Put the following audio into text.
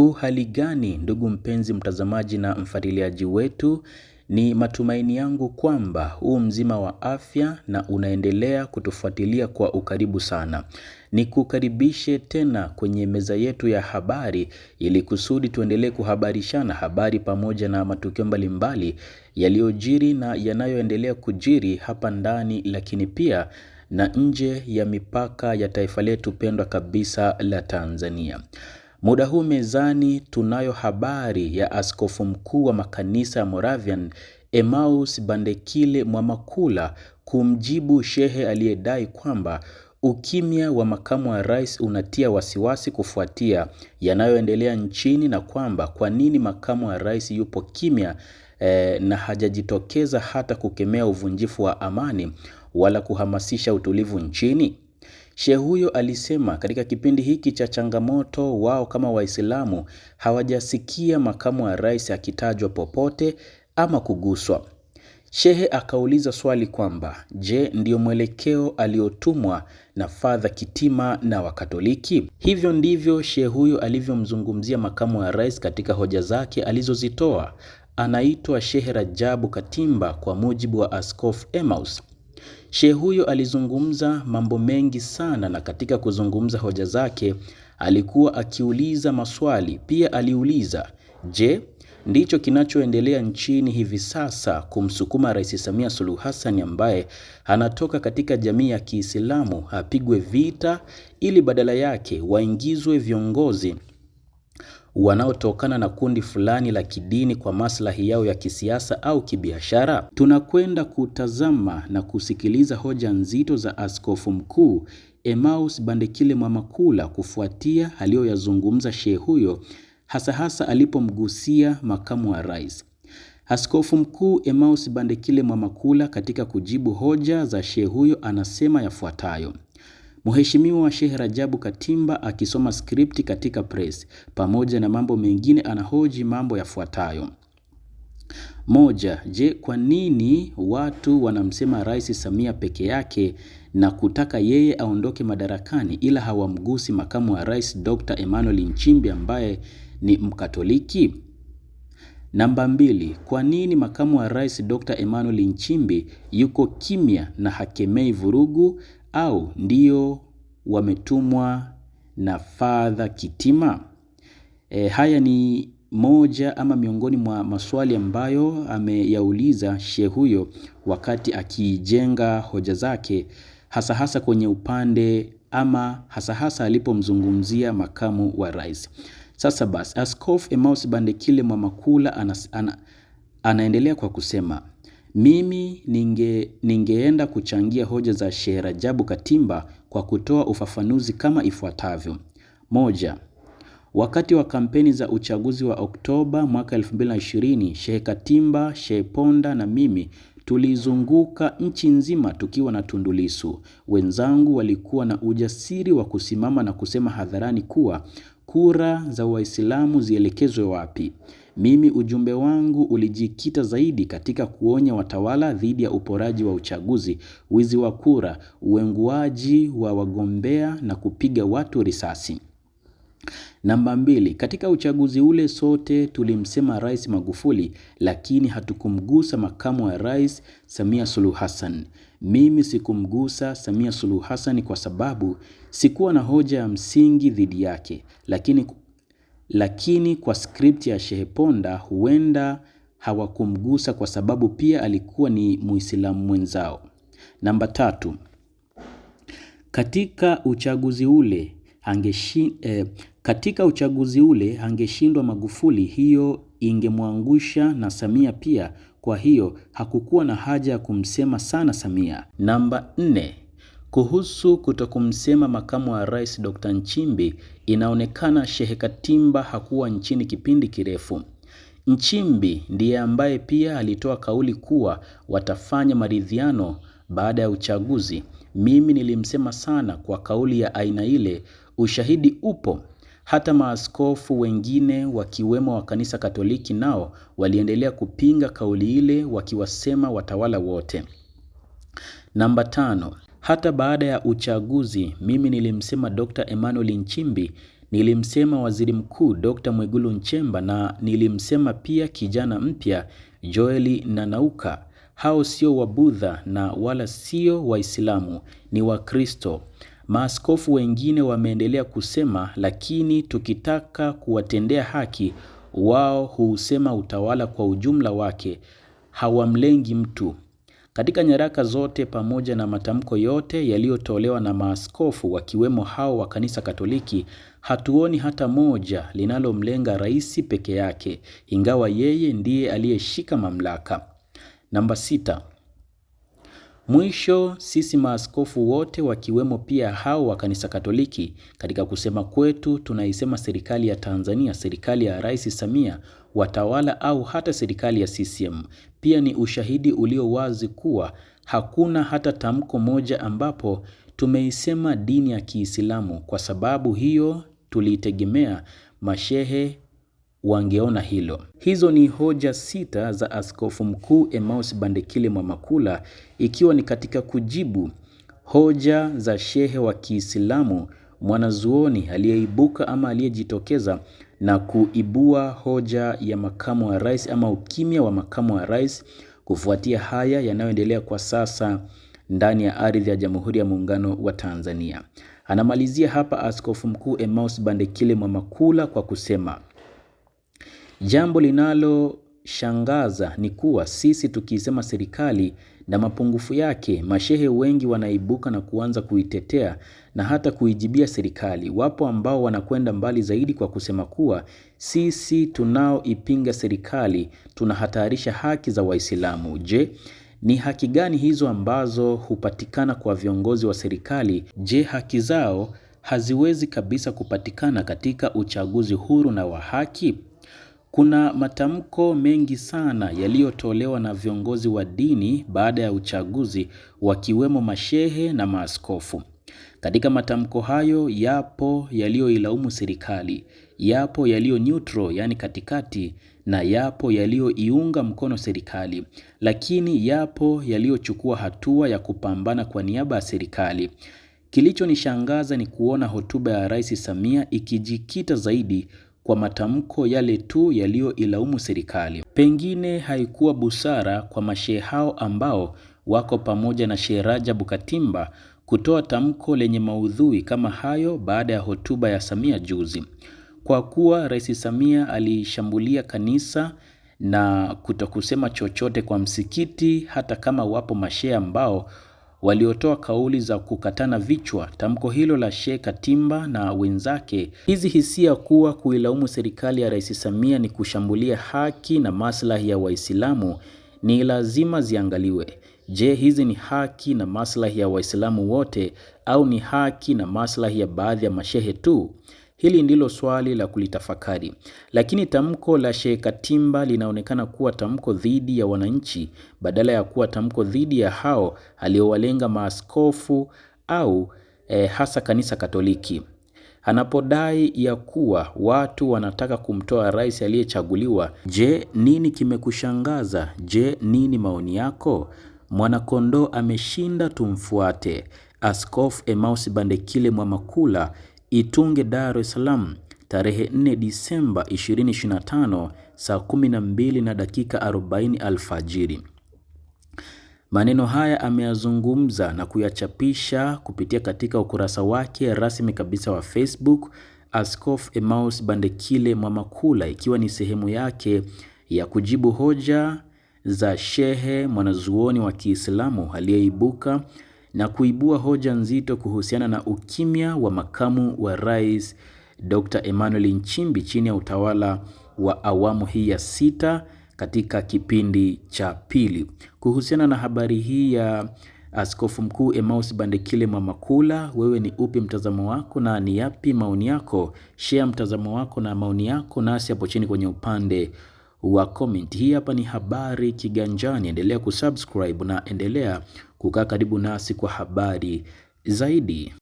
Uhali gani ndugu mpenzi mtazamaji na mfuatiliaji wetu, ni matumaini yangu kwamba huu mzima wa afya na unaendelea kutufuatilia kwa ukaribu sana. ni kukaribishe tena kwenye meza yetu ya habari ili kusudi tuendelee kuhabarishana habari pamoja na matukio mbalimbali yaliyojiri na yanayoendelea kujiri hapa ndani, lakini pia na nje ya mipaka ya taifa letu pendwa kabisa la Tanzania. Muda huu mezani tunayo habari ya askofu mkuu wa makanisa ya Moravian Emmaus Bandekile Mwamakula kumjibu shehe aliyedai kwamba ukimya wa makamu wa rais unatia wasiwasi kufuatia yanayoendelea nchini na kwamba kwa nini makamu wa rais yupo kimya eh, na hajajitokeza hata kukemea uvunjifu wa amani wala kuhamasisha utulivu nchini shehe huyo alisema katika kipindi hiki cha changamoto, wao kama Waislamu hawajasikia makamu wa rais akitajwa popote ama kuguswa. Shehe akauliza swali kwamba je, ndiyo mwelekeo aliotumwa na Father Kitima na Wakatoliki? Hivyo ndivyo shehe huyo alivyomzungumzia makamu wa rais katika hoja zake alizozitoa. Anaitwa Shehe Rajabu Katimba, kwa mujibu wa Askofu Emaus. Shehe huyo alizungumza mambo mengi sana, na katika kuzungumza hoja zake alikuwa akiuliza maswali. Pia aliuliza, je, ndicho kinachoendelea nchini hivi sasa kumsukuma Rais Samia Suluhu Hassan ambaye anatoka katika jamii ya Kiislamu apigwe vita ili badala yake waingizwe viongozi wanaotokana na kundi fulani la kidini kwa maslahi yao ya kisiasa au kibiashara? Tunakwenda kutazama na kusikiliza hoja nzito za Askofu Mkuu Emmaus Bandekile Mwamakula kufuatia aliyoyazungumza shehe huyo hasa hasa alipomgusia makamu wa rais. Askofu Mkuu Emmaus Bandekile Mwamakula katika kujibu hoja za shehe huyo anasema yafuatayo: Mheshimiwa Sheikh Rajabu Katimba akisoma skripti katika press, pamoja na mambo mengine, anahoji mambo yafuatayo: moja. Je, kwa nini watu wanamsema Rais Samia peke yake na kutaka yeye aondoke madarakani ila hawamgusi makamu wa rais Dr. Emmanuel Nchimbi ambaye ni Mkatoliki? Namba mbili, kwa nini makamu wa rais Dr. Emmanuel Nchimbi yuko kimya na hakemei vurugu au ndio wametumwa na Fadha Kitima? E, haya ni moja ama miongoni mwa maswali ambayo ameyauliza shehe huyo wakati akijenga hoja zake hasa hasa kwenye upande ama hasa hasa alipomzungumzia makamu wa rais. Sasa basi, Askofu Emmaus Bandekile Mwamakula ana, ana, anaendelea kwa kusema mimi ninge, ningeenda kuchangia hoja za Sheikh Rajabu Katimba kwa kutoa ufafanuzi kama ifuatavyo. Moja, wakati wa kampeni za uchaguzi wa Oktoba mwaka 2020, Sheikh Katimba, Sheikh Ponda na mimi tulizunguka nchi nzima tukiwa na Tundu Lissu. Wenzangu walikuwa na ujasiri wa kusimama na kusema hadharani kuwa kura za Waislamu zielekezwe wapi. Mimi ujumbe wangu ulijikita zaidi katika kuonya watawala dhidi ya uporaji wa uchaguzi, wizi wa kura, uenguaji wa wagombea na kupiga watu risasi. Namba mbili, katika uchaguzi ule sote tulimsema Rais Magufuli lakini hatukumgusa makamu wa Rais Samia Suluhu Hassan. Mimi sikumgusa Samia Suluhu Hassan kwa sababu sikuwa na hoja ya msingi dhidi yake, lakini lakini kwa script ya Shehe Ponda huenda hawakumgusa kwa sababu pia alikuwa ni Muislamu mwenzao. Namba tatu, katika uchaguzi ule angeshi, eh, katika uchaguzi ule angeshindwa Magufuli, hiyo ingemwangusha na Samia pia. Kwa hiyo hakukuwa na haja ya kumsema sana Samia. Namba nne, kuhusu kutokumsema makamu wa rais Dr. Nchimbi, inaonekana Shehe Katimba hakuwa nchini kipindi kirefu. Nchimbi ndiye ambaye pia alitoa kauli kuwa watafanya maridhiano baada ya uchaguzi. Mimi nilimsema sana kwa kauli ya aina ile, ushahidi upo. Hata maaskofu wengine wakiwemo wa kanisa Katoliki nao waliendelea kupinga kauli ile, wakiwasema watawala wote. Namba tano, hata baada ya uchaguzi, mimi nilimsema Dr. Emmanuel Nchimbi, nilimsema Waziri Mkuu Dr. Mwigulu Nchemba na nilimsema pia kijana mpya Joeli Nanauka. Hao sio Wabudha na wala sio Waislamu, ni Wakristo. Maaskofu wengine wameendelea kusema, lakini tukitaka kuwatendea haki wao huusema utawala kwa ujumla wake, hawamlengi mtu. Katika nyaraka zote pamoja na matamko yote yaliyotolewa na maaskofu wakiwemo hao wa Kanisa Katoliki, hatuoni hata moja linalomlenga rais peke yake, ingawa yeye ndiye aliyeshika mamlaka. Namba sita. Mwisho, sisi maaskofu wote wakiwemo pia hao wa kanisa Katoliki, katika kusema kwetu tunaisema serikali ya Tanzania, serikali ya Rais Samia, watawala au hata serikali ya CCM. Pia ni ushahidi ulio wazi kuwa hakuna hata tamko moja ambapo tumeisema dini ya Kiislamu. Kwa sababu hiyo tulitegemea mashehe wangeona hilo. Hizo ni hoja sita za Askofu Mkuu Emmaus Bandekile Mwamakula, ikiwa ni katika kujibu hoja za shehe wa Kiislamu mwanazuoni aliyeibuka ama aliyejitokeza na kuibua hoja ya makamu wa rais ama ukimya wa makamu wa rais kufuatia haya yanayoendelea kwa sasa ndani ya ardhi ya Jamhuri ya Muungano wa Tanzania. Anamalizia hapa Askofu Mkuu Emmaus Bandekile Mwamakula kwa kusema Jambo linaloshangaza ni kuwa sisi tukiisema serikali na mapungufu yake, mashehe wengi wanaibuka na kuanza kuitetea na hata kuijibia serikali. Wapo ambao wanakwenda mbali zaidi kwa kusema kuwa sisi tunaoipinga serikali tunahatarisha haki za Waislamu. Je, ni haki gani hizo ambazo hupatikana kwa viongozi wa serikali? Je, haki zao haziwezi kabisa kupatikana katika uchaguzi huru na wa haki? Kuna matamko mengi sana yaliyotolewa na viongozi wa dini baada ya uchaguzi wakiwemo mashehe na maaskofu. Katika matamko hayo yapo yaliyoilaumu serikali, yapo yaliyo neutral yani katikati na yapo yaliyoiunga mkono serikali, lakini yapo yaliyochukua hatua ya kupambana kwa niaba ya serikali. Kilichonishangaza ni kuona hotuba ya Rais Samia ikijikita zaidi kwa matamko yale tu yaliyoilaumu serikali. Pengine haikuwa busara kwa mashehe hao ambao wako pamoja na Sheikh Rajabu Katimba kutoa tamko lenye maudhui kama hayo baada ya hotuba ya Samia juzi, kwa kuwa Rais Samia alishambulia kanisa na kutokusema chochote kwa msikiti, hata kama wapo mashehe ambao waliotoa kauli za kukatana vichwa tamko hilo la Sheikh Katimba na wenzake. Hizi hisia kuwa kuilaumu serikali ya Rais Samia ni kushambulia haki na maslahi ya Waislamu ni lazima ziangaliwe. Je, hizi ni haki na maslahi ya Waislamu wote au ni haki na maslahi ya baadhi ya mashehe tu? Hili ndilo swali la kulitafakari, lakini tamko la Sheikh Katimba linaonekana kuwa tamko dhidi ya wananchi badala ya kuwa tamko dhidi ya hao aliowalenga maaskofu au eh, hasa kanisa Katoliki anapodai ya kuwa watu wanataka kumtoa rais aliyechaguliwa. Je, nini kimekushangaza? Je, nini maoni yako? Mwanakondoo ameshinda, tumfuate. Askofu Emmaus Bandekile Mwamakula. Itunge, Dar es Salaam tarehe 4 Disemba 2025 saa 12 na dakika 40 alfajiri. Maneno haya ameyazungumza na kuyachapisha kupitia katika ukurasa wake rasmi kabisa wa Facebook Askofu Emmaus Bandekile Mwamakula, ikiwa ni sehemu yake ya kujibu hoja za shehe mwanazuoni wa Kiislamu aliyeibuka na kuibua hoja nzito kuhusiana na ukimya wa makamu wa rais Dr. Emmanuel Nchimbi chini ya utawala wa awamu hii ya sita katika kipindi cha pili. Kuhusiana na habari hii ya Askofu Mkuu Emmaus Bandekile Mwamakula, wewe ni upi mtazamo wako na ni yapi maoni yako? Share mtazamo wako na maoni yako nasi hapo chini kwenye upande wa comment. Hii hapa ni Habari Kiganjani, endelea kusubscribe na endelea kukaa karibu nasi kwa habari zaidi.